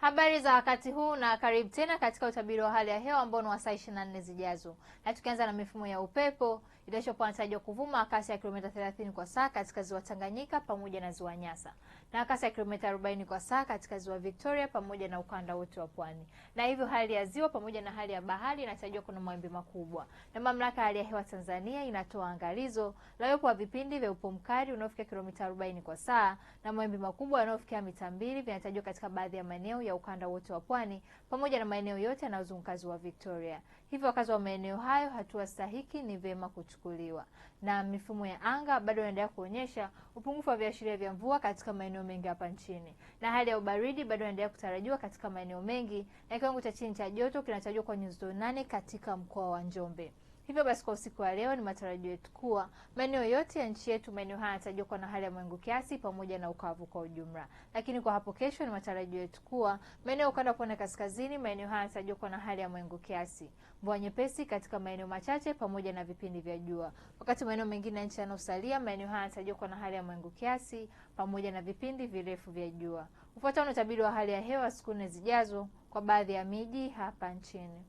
Habari za wakati huu na karibu tena katika utabiri wa hali ya hewa ambao ni wa saa 24 zijazo. Na tukianza na mifumo ya upepo itakayokuwa inatarajiwa kuvuma kasi ya kilomita 30 kwa saa katika ziwa Tanganyika pamoja na ziwa Nyasa na kasi ya kilomita 40 kwa saa katika ziwa Victoria pamoja na ukanda wote wa pwani. Na hivyo hali ya ziwa pamoja na hali ya bahari inatarajiwa kuna mawimbi makubwa. Na Mamlaka ya Hali ya Hewa Tanzania inatoa angalizo la uwepo wa vipindi vya upepo mkali unaofikia kilomita 40 kwa saa na mawimbi makubwa yanayofikia mita 2 vinatarajiwa katika baadhi ya maeneo ya ukanda wote wa pwani pamoja na maeneo yote yanayozunguka ziwa Victoria. Hivyo wakazi wa maeneo hayo, hatua stahiki ni vyema kuchukuliwa. Na mifumo ya anga bado inaendelea kuonyesha upungufu wa viashiria vya mvua katika maeneo mengi hapa nchini, na hali ya ubaridi bado inaendelea kutarajiwa katika maeneo mengi, na kiwango cha chini cha joto kinatarajiwa kwa nyuzi joto nane katika mkoa wa Njombe. Hivyo basi kwa usiku wa leo, ni matarajio yetu kuwa maeneo yote ya nchi yetu, maeneo haya yatajua kuwa na hali ya mawingu kiasi pamoja na ukavu kwa ujumla. Lakini kwa hapo kesho, ni matarajio yetu kuwa maeneo ukanda pwani kaskazini, maeneo haya yatajua kuwa na hali ya mawingu kiasi, mvua nyepesi katika maeneo machache pamoja na vipindi vya jua, wakati maeneo mengine ya nchi yanayosalia, maeneo haya yatajua kuwa na hali ya mawingu kiasi pamoja na vipindi virefu vya jua. Ufuatao ni utabiri wa hali ya hewa siku nne zijazo kwa baadhi ya miji hapa nchini.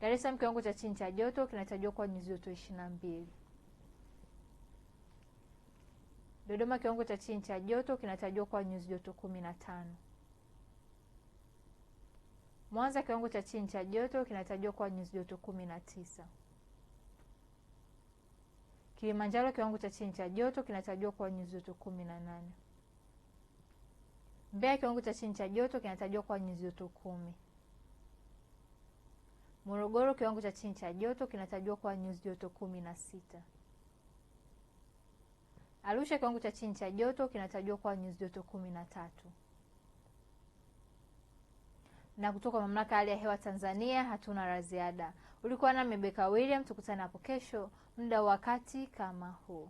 Dar es Salaam kiwango cha chini cha joto kinatajwa kuwa nyuzi joto ishirini na mbili. Dodoma kiwango cha chini cha joto kinatajwa kuwa nyuzi joto kumi na tano. Mwanza kiwango cha chini cha joto kinatajwa kuwa nyuzi joto kumi na tisa. Kilimanjaro kiwango cha chini cha joto kinatajwa kuwa nyuzi joto kumi na nane. Mbeya kiwango cha chini cha joto kinatajwa kuwa nyuzi joto kumi. Morogoro kiwango cha chini cha joto kinatajwa kuwa nyuzi joto kumi na sita. Arusha kiwango cha chini cha joto kinatajwa kuwa nyuzi joto kumi na tatu. Na kutoka Mamlaka ya Hali ya Hewa Tanzania hatuna la ziada. Ulikuwa na Mebeka William, tukutane hapo kesho muda wakati kama huu.